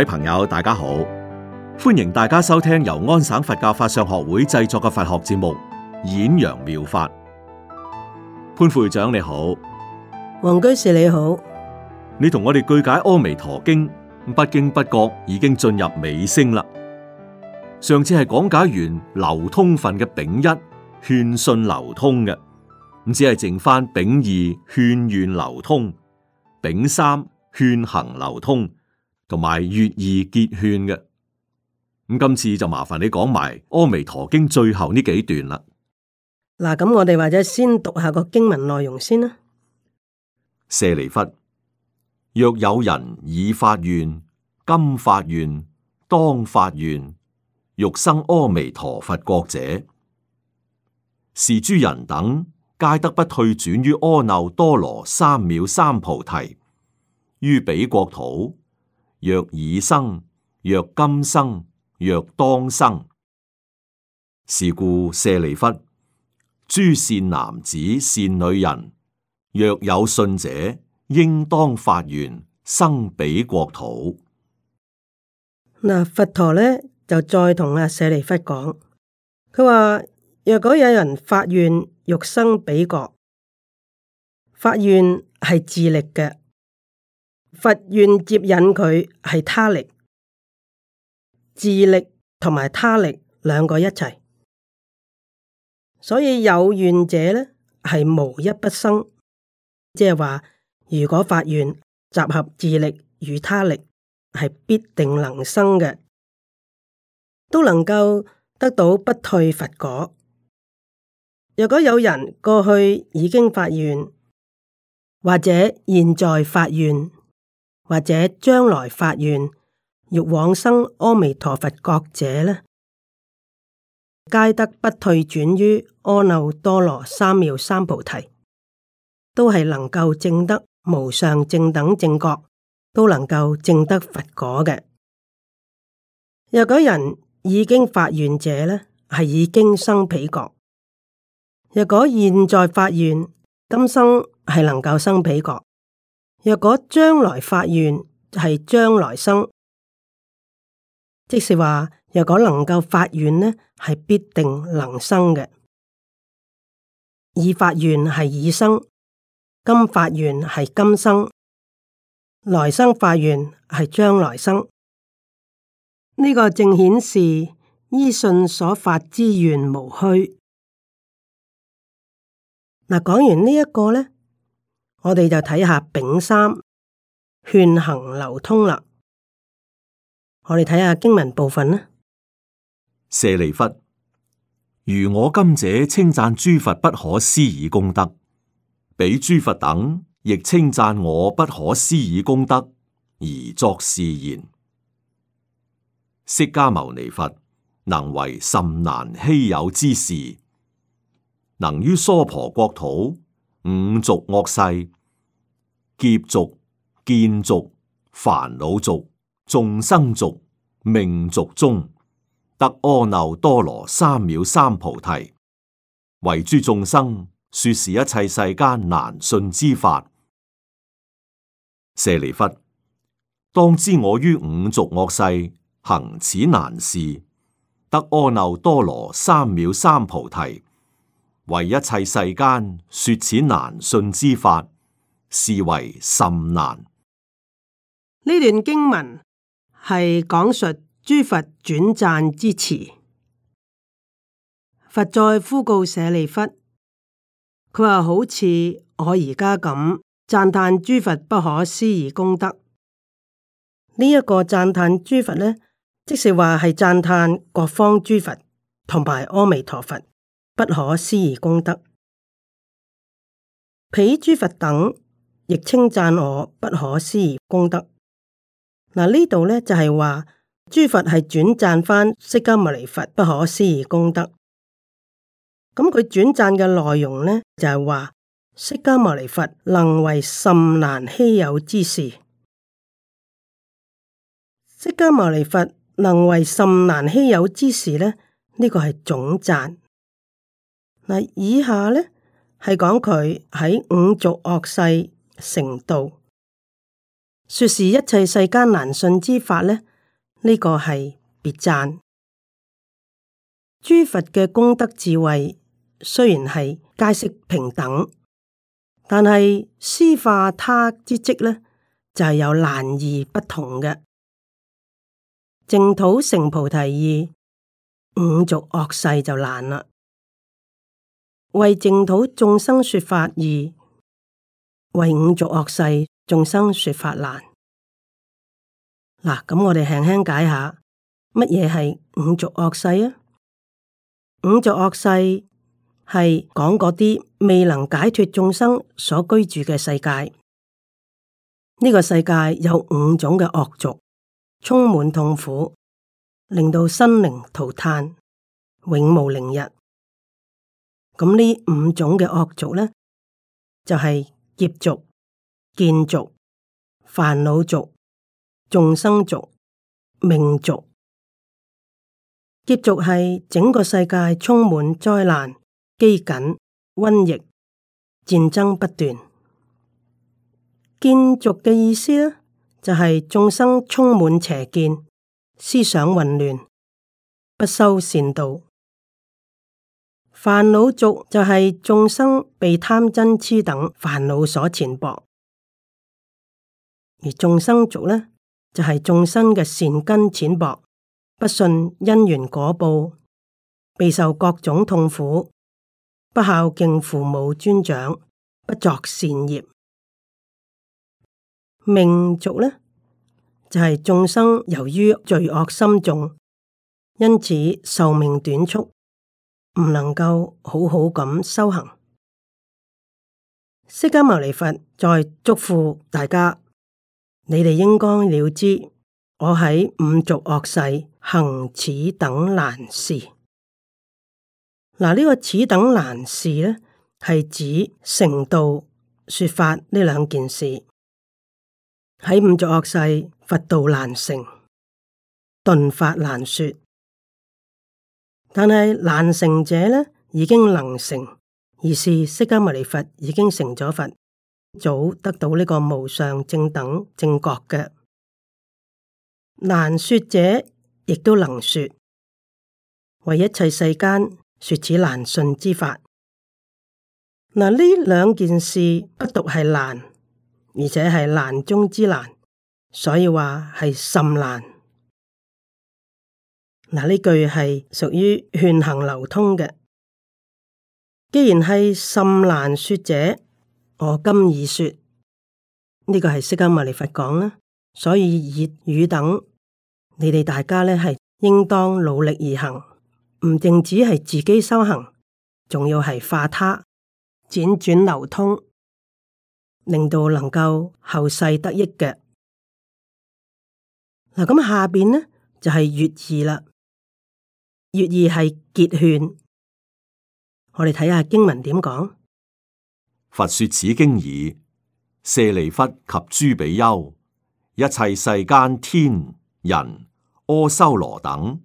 各位朋友，大家好，歡迎大家收聽由安省佛教法上學會製作嘅佛學節目《演揚妙法》。潘副會長你好，黃居士你好，你同我哋句解《阿彌陀經》，不經不覺已經進入尾聲啦。上次係講解完流通分嘅丙一勸信流通嘅，咁只係剩翻丙二勸願流通、丙三勸行流通。同埋月意結勸嘅，咁，今次就麻煩你講埋《阿彌陀經》最後呢幾段啦。嗱，咁我哋或者先讀下個經文內容先啦。舍利弗，若有人已發願，今發願，當發願，欲生阿彌陀佛國者，是諸人等皆得不退轉於阿耨多羅三藐三菩提，於彼國土，若已生，若今生，若當生。是故舍利弗，諸善男子善女人，若有信者，應當發願生彼國土。嗱，佛陀呢，就再同阿舍利弗講，佢話若果有人發願欲生彼國，發願係自力嘅。佛願接引佢係他力，自力同埋他力兩個一齊，所以有願者呢係無一不生。即係話，如果發願集合自力與他力，係必定能生嘅，都能夠得到不退佛果。若果有人過去已經發願，或者現在發願，或者將來發願欲往生阿彌陀佛國者呢，皆得不退轉於阿耨多羅三藐三菩提，都係能夠證得無上正等正覺，都能夠證得佛果嘅。若果人已經發願者呢，係已經生彼國；若果現在發願，今生係能夠生彼國。若果將來發願係將來生，即是話若果能夠發願呢，係必定能生嘅。已發願係已生，今發願係今生，來生發願係將來生。呢、呢個正顯示依信所發之願無虛。嗱，講完呢一個呢？我哋就睇下丙三勸行流通啦。我哋睇下經文部分呢。舍利弗，如我今者稱讚諸佛不可思議功德，彼諸佛等亦稱讚我不可思議功德，而作是言：釋迦牟尼佛能為甚難稀有之事，能於娑婆國土。五濁惡世，劫濁、見濁、煩惱濁、眾生濁、命濁中，得阿耨多羅三藐三菩提，為諸眾生說是一切世間難信之法。舍利弗，當知我於五濁惡世行此難事，得阿耨多羅三藐三菩提。為一切世間說此難信之法，是為甚難。呢段經文係講述諸佛轉贊之詞。佛再呼告舍利弗，佢話好似我而家咁讚歎諸佛不可思議功德。呢一個讚歎諸佛呢，即是話係讚歎各方諸佛同埋阿彌陀佛。可而不可思議功德，彼諸佛等亦稱讚我不可思議功德。嗱呢度咧就係話，諸佛係轉讚翻釋迦牟尼佛不可思議功德。咁佢轉讚嘅內容咧就係話，釋迦牟尼佛能為甚難稀有之事。釋迦牟尼佛能為甚難稀有之事咧，呢、呢個係總讚。以下呢係講佢喺五濁惡世成道，說是一切世間難信之法呢，呢、這個係別贊。諸佛嘅功德智慧雖然係皆是平等，但係施化他之職呢，就係、是、有難而不同嘅。淨土成菩提易，五濁惡世就難啦。為淨土眾生說法易，為五濁惡世眾生說法難。嗱，咁我哋輕輕解下，乜嘢係五濁惡世啊？五濁惡世係講嗰啲未能解脱眾生所居住嘅世界。呢、這個世界有五種嘅惡俗，充滿痛苦，令到生靈塗炭，永無寧日。咁呢五種嘅惡濁呢，就係劫濁、見濁、煩惱濁、眾生濁、命濁。劫濁係整個世界充滿災難、饑饉、瘟疫、戰爭不斷。見濁嘅意思呢，就係眾生充滿邪見，思想混亂，不修善道。煩惱族就係眾生被貪嗔痴等煩惱所纏縛；而眾生族呢，就係、是、眾生嘅善根淺薄，不信因緣果報，備受各種痛苦，不孝敬父母尊長，不作善業。命族呢，就係、是、眾生由於罪惡深重，因此壽命短促。唔能夠好好咁修行，釋迦牟尼佛再囑咐大家：你哋應該了知，我喺五族惡世行此等難事。嗱，呢個此等難事咧，係指成道說法呢兩件事。喺五族惡世，佛道難成，頓法難說。但係難成者呢，已經能成；而是釋迦牟尼佛已經成咗佛，早得到呢個無上正等正覺嘅難。說者亦都能說，為一切世間說此難信之法。嗱，呢兩件事不獨係難，而且係難中之難，所以話係甚難。嗱，呢句係屬於勸行流通嘅。既然係甚難說者，我今已說，呢、這個係釋迦牟尼佛講啦。所以熱語等，你哋大家咧係應當努力而行，唔淨止係自己修行，仲要係化他輾轉，轉流通，令到能夠後世得益嘅。嗱，咁下邊咧就係、是、月義啦。粵義係結勸，我哋睇下經文點講。佛說此經已，舍利弗及諸比丘，一切世間天人阿修羅等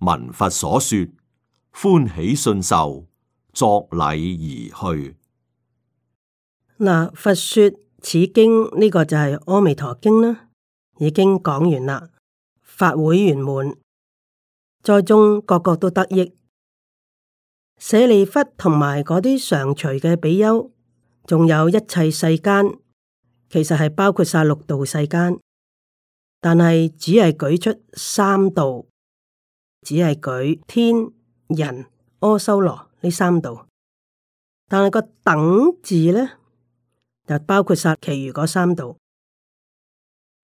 聞佛所說，歡喜信受，作禮而去。嗱、呃，佛說此經呢、這個就係阿彌陀經啦，已經講完啦，法會圓滿。在中個個都得益，舍利弗同埋嗰啲常隨嘅比丘，仲有一切世間，其實係包括晒六道世間，但係只係舉出三道，只係舉天人阿修羅呢三道，但係個等字咧，就包括晒其餘嗰三道。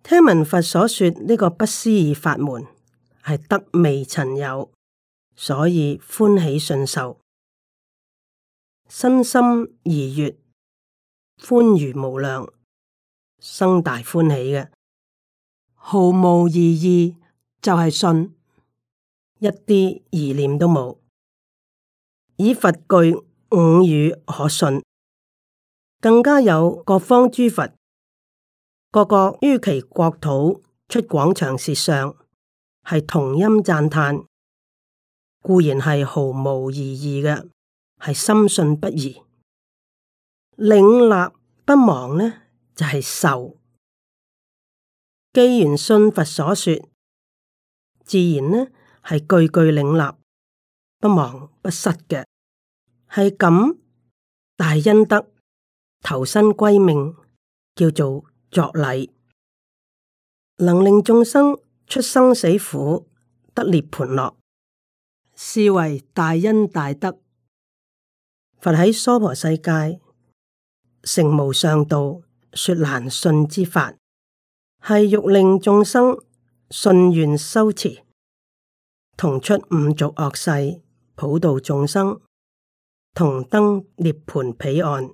聽聞佛所說呢、呢個不思議法門。係得未曾有，所以歡喜信受，身心怡悅，歡如無量，生大歡喜嘅，毫無異議就係信，一啲疑念都冇，以佛具五語可信，更加有各方諸佛，各各於其國土出廣長舌相。係同音讚歎，固然係毫無疑義嘅，係深信不疑、領立不忘呢？就係、是、受。既然信佛所說，自然呢係句句領立，不忘不失嘅，係咁大恩德投身歸命，叫做作禮，能令眾生。出生死苦，得涅槃樂，是為大恩大德。佛喺娑婆世界成無上道，說難信之法，係欲令眾生信願修持，同出五濁惡世，普度眾生，同登涅槃彼岸。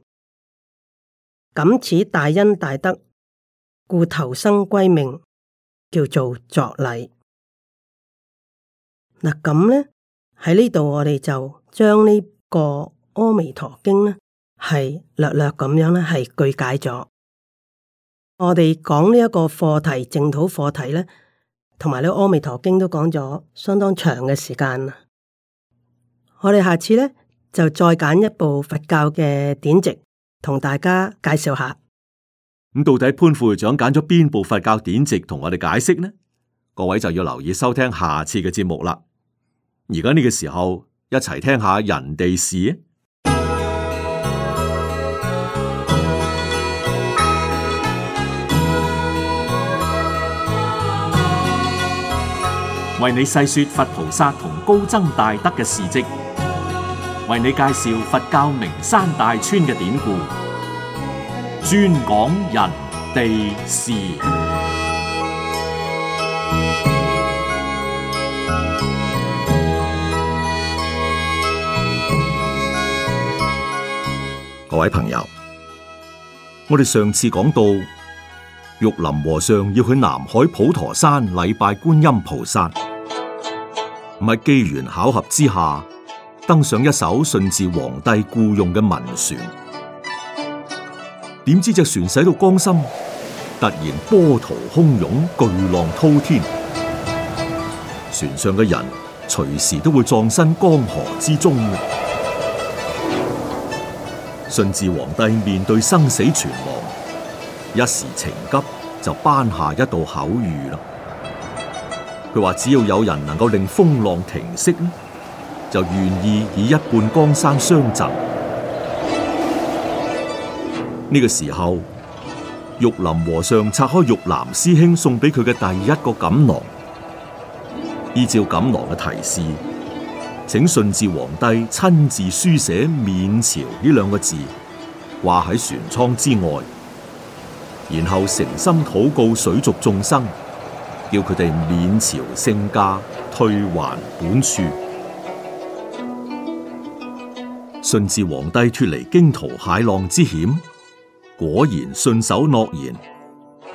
感此大恩大德，故投生歸命。叫做作禮嗱，咁咧，喺呢度我哋就將呢、這個阿彌陀經咧係略略咁樣咧係句解咗，我哋講呢一個課題，淨土課題咧，同埋呢、這個、阿彌陀經都講咗相當長嘅時間啦，我哋下次咧就再揀一部佛教嘅典籍同大家介紹下。咁到底潘副會長揀咗邊部佛教典籍同我哋解釋呢？各位就要留意收聽下次嘅節目啦。而家呢個時候一齊聽下人哋事啊，為你細說佛菩薩同高僧大德嘅事跡，為你介紹佛教名山大川嘅典故。專講人地事。各位朋友，我哋上次講到，玉林和尚要去南海普陀山禮拜觀音菩薩，咪機緣巧合之下登上一艘順治皇帝僱用嘅民船。點知隻船駛到江心，突然波濤洶湧，巨浪滔天，船上嘅人隨時都會葬身江河之中。順治皇帝面對生死存亡，一時情急就頒下一道口諭啦。佢話只要有人能夠令風浪停息，就願意以一半江山相贈。呢個時候，玉林和尚拆開玉南師兄送俾佢嘅第一個錦囊，依照錦囊嘅提示，請順治皇帝親自書寫“免朝”呢兩個字，掛喺船艙之外，然後誠心禱告水族眾生，叫佢哋免朝聖駕，退還本處。順治皇帝脫離驚濤駭浪之險，果然信守諾言，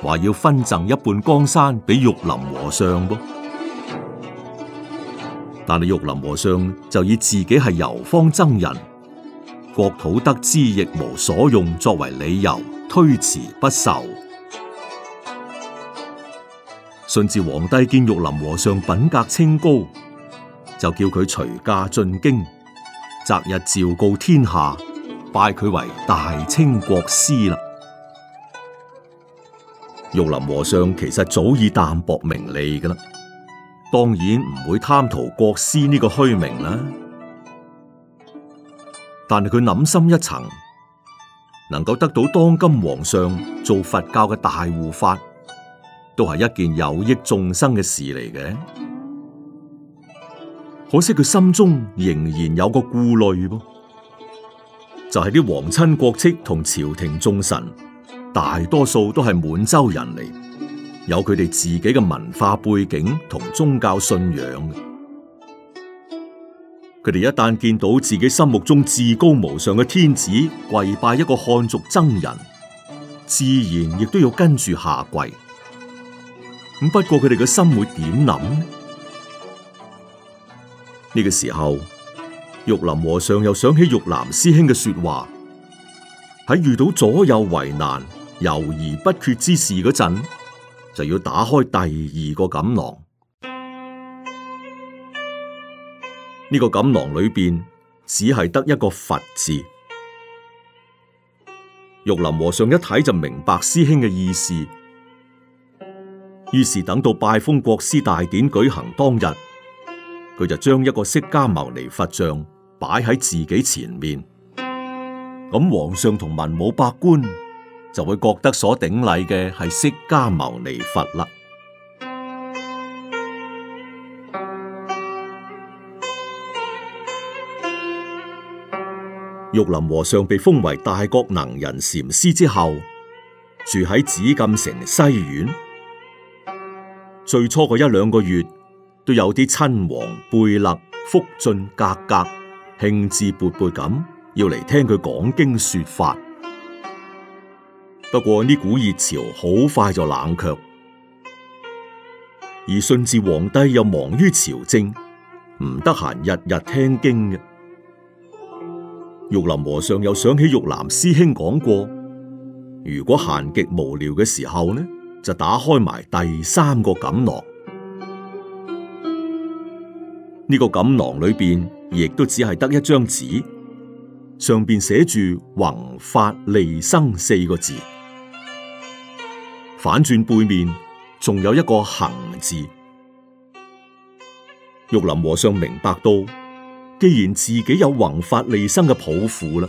話要分贈一半江山俾玉林和尚噃。但係玉林和尚就以自己係遊方僧人，國土得之亦無所用作為理由推辭不受。順治皇帝見玉林和尚品格清高，就叫佢隨駕進京，擇日昭告天下。拜佢為大清國師啦！玉林和尚其實早已淡薄名利㗎啦，當然唔會貪圖國師呢個虛名啦。但係佢諗深一層，能夠得到當今皇上做佛教嘅大護法，都係一件有益眾生嘅事嚟嘅。可惜佢心中仍然有個顧慮噃。就係啲皇親國戚同朝廷重臣，大多數都係滿洲人嚟，有佢哋自己嘅文化背景同宗教信仰。佢哋一旦見到自己心目中至高無上嘅天子跪拜一個漢族僧人，自然亦都要跟住下跪。咁不過佢哋嘅心會點諗呢？呢個時候。玉林和尚又想起玉南師兄嘅說話，喺遇到左右為難、猶豫不決之事嗰陣，就要打開第二個錦囊。呢、這個錦囊裏邊只係得一個佛字。玉林和尚一睇就明白師兄嘅意思，於是等到拜封國師大典舉行當日，佢就將一個釋迦牟尼佛像。擺喺自己前面，咁皇上同文武百官就會覺得所頂禮嘅係釋迦牟尼佛啦。 玉林和尚被封為大國能人禪師之後，住喺紫禁城西苑。最初嗰一兩個月都有啲親王、貝勒、福晉、格格。興致勃勃咁要嚟聽佢講經說法，不過呢股熱潮好快就冷卻，而順治皇帝又忙於朝政，唔得閒日日聽經嘅。玉林和尚又想起玉南師兄講過，如果閒極無聊嘅時候呢，就打開埋第三個錦囊，呢、這個錦囊裏邊。亦都只係得一張紙，上面寫住“弘法利生”四個字。反轉背面仲有一個“行”字。玉林和尚明白到，既然自己有弘法利生嘅抱負啦，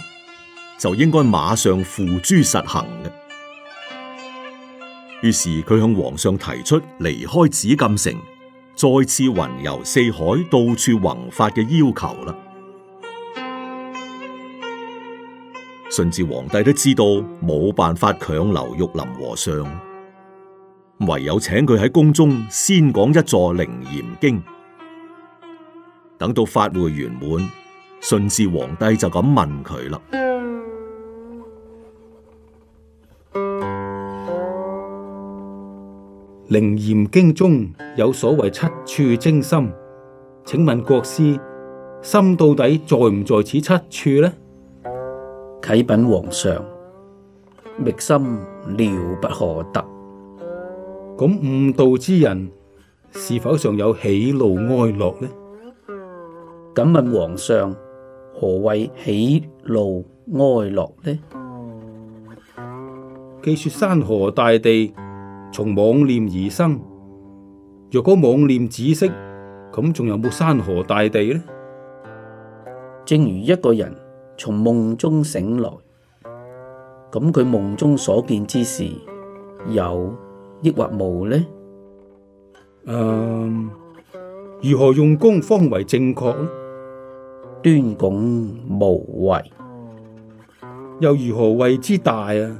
就應該馬上付諸實行嘅。於是佢向皇上提出離開紫禁城。再次雲遊四海，到處弘法嘅要求啦。順治皇帝都知道冇辦法強留玉林和尚，唯有請佢喺宮中先講一座《楞嚴經》，等到法會圓滿，順治皇帝就咁問佢啦。《楞嚴經》中有所謂七處徵心。請問國師，心到底在唔在此七處呢？啟稟皇上，覓心了不可得。咁悟道之人是否尚有喜怒哀樂呢？敢問皇上，何謂喜怒哀樂呢？據說山河大地從妄念而生，若果妄念止息，咁仲有冇山河大地呢？正如一個人從夢中醒來，咁佢夢中所見之事有抑或無呢？嗯、啊，如何用功方為正確？端拱無為，又如何謂之大啊？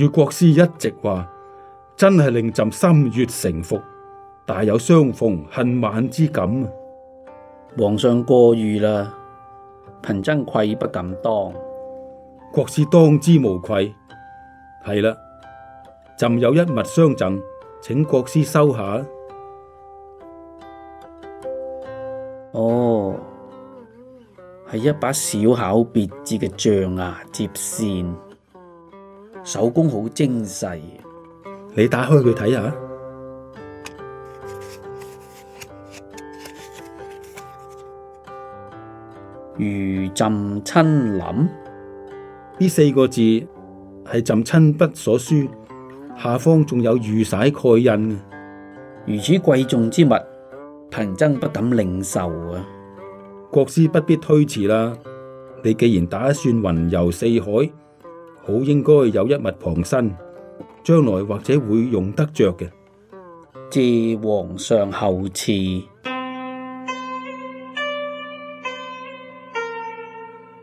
與國師一直話，真係令朕心悅誠服，大有相逢恨晚之感。皇上過譽啦，貧僧愧不敢當。國師當之無愧。係啦，朕有一物相贈，請國師收下。哦，係一把小巧別致嘅象牙折扇。手工好精細，你打開佢睇下。如朕親臨，呢四個字係朕親筆所書，下方仲有御璽蓋印。如此貴重之物，貧僧不敢領受啊！國師不必推辭啦，你既然打算雲遊四海。好應該有一物傍身，將來或者會用得着嘅。謝皇上厚賜。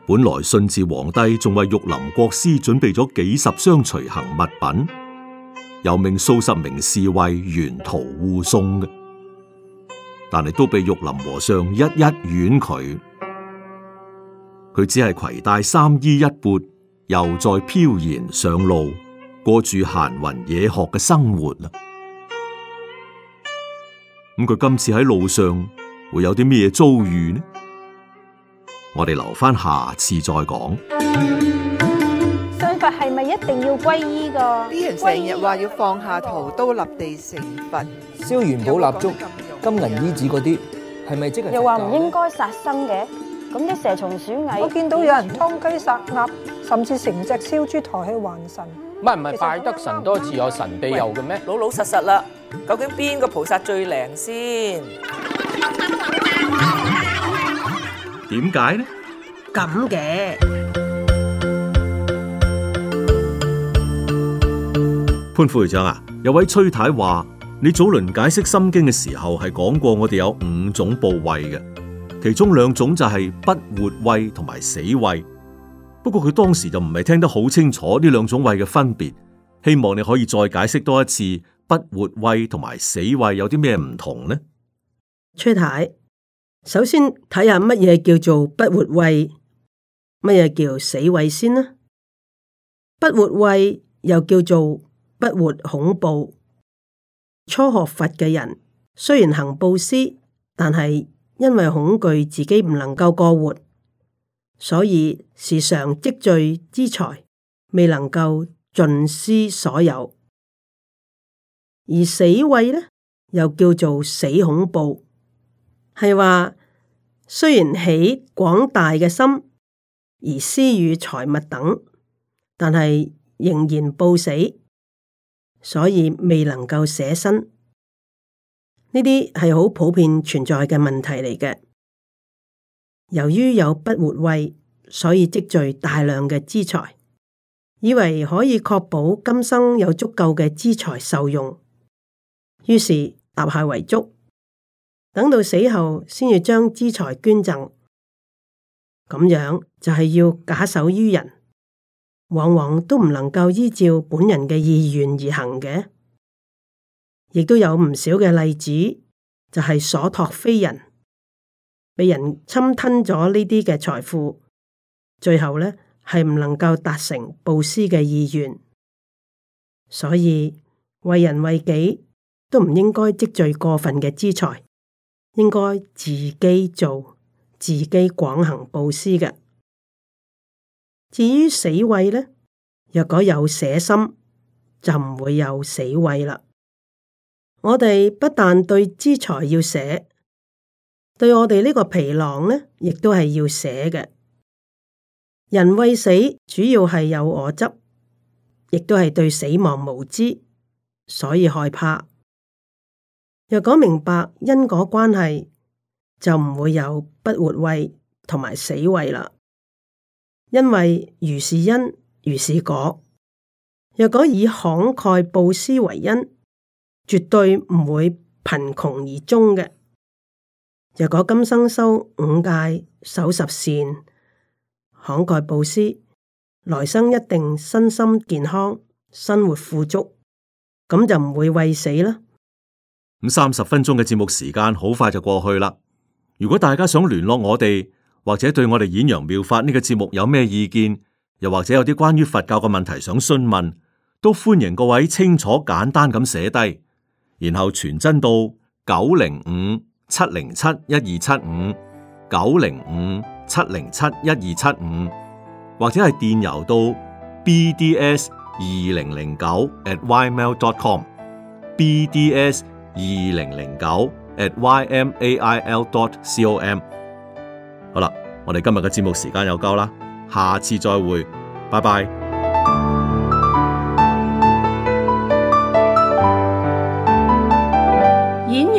本來順治皇帝仲為玉林國師準備咗幾十箱隨行物品，又命數十名侍衛沿途護送嘅，但係都被玉林和尚一一婉拒。佢只係攜帶三衣一缽。又再飄然上路，過住閒雲野鶴嘅生活啦。咁佢今次喺路上會有啲咩遭遇呢？我哋留翻下，下次再講。信佛係咪一定要皈依噶？啲人成日話要放下屠刀立地成佛，燒元寶蠟燭、金銀衣紙嗰啲，係咪、嗯、即係又話唔應該殺生嘅？咁啲蛇蟲鼠蟻，我見到有人劏雞殺鴨，甚至成隻燒豬抬起還神。唔係唔係，拜得神多自有神庇佑嘅咩？老老實實啦，究竟邊個菩薩最靈先？點解呢？咁嘅潘副處長啊，有位崔太話你早輪解釋《心經》嘅時候係講過，我哋有五種怖畏嘅。其中兩種就係不活畏同埋死畏，不過佢當時就唔係聽得好清楚呢兩種畏嘅分別。希望你可以再解釋多一次不活畏同埋死畏有啲咩唔同呢？崔太，首先睇下乜嘢叫做不活畏，乜嘢叫死畏先呢？不活畏又叫做不活恐怖，初學佛嘅人雖然行布施，但係，因為恐懼自己唔能夠過活，所以時常積聚之財，未能夠盡施所有。而死畏呢，又叫做死恐怖，係話雖然起廣大嘅心而施與財物等，但係仍然報死，所以未能夠捨身。呢啲係好普遍存在嘅問題嚟嘅。由於有不活畏，所以積聚大量嘅資財，以為可以確保今生有足夠嘅資財受用，於是立下遺囑，等到死後先要將資財捐贈。咁樣就係要假手於人，往往都唔能夠依照本人嘅意願而行嘅。亦都有唔少嘅例子，就係、是、所託非人，被人侵吞咗呢啲嘅財富，最後呢，係唔能夠達成布施嘅意願。所以為人為己都唔應該積聚過分嘅資財，應該自己做自己廣行布施嘅。至於死畏呢，若果有捨心，就唔會有死畏啦。我哋不但對資財要捨，對我哋呢個皮囊呢，亦都係要捨嘅。人畏死，主要係有我執，亦都係對死亡無知，所以害怕。若果明白因果關係，就唔會有不活畏同埋死畏啦。因為如是因，如是果。若果以慷慨布施為因，絕對唔會貧窮而終嘅。若果今生修五戒、守十善、慷慨布施，來生一定身心健康、生活富足，咁就唔會畏死啦。咁三十分鐘嘅節目時間好快就過去啦。如果大家想聯絡我哋，或者對我哋演揚妙法呢個節目有咩意見，又或者有啲關於佛教嘅問題想詢問，都歡迎各位清楚簡單咁寫低。然後傳真到九零五七零七一二七五九零五七零七一二七五，75, 75, 或者係電郵到 bds 二零零九 at ymail.com bds 二零零九 at ymail.com 好啦，我哋今日嘅節目時間又夠啦，下次再會，拜拜。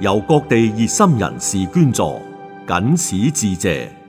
由各地熱心人士捐助，謹此致謝。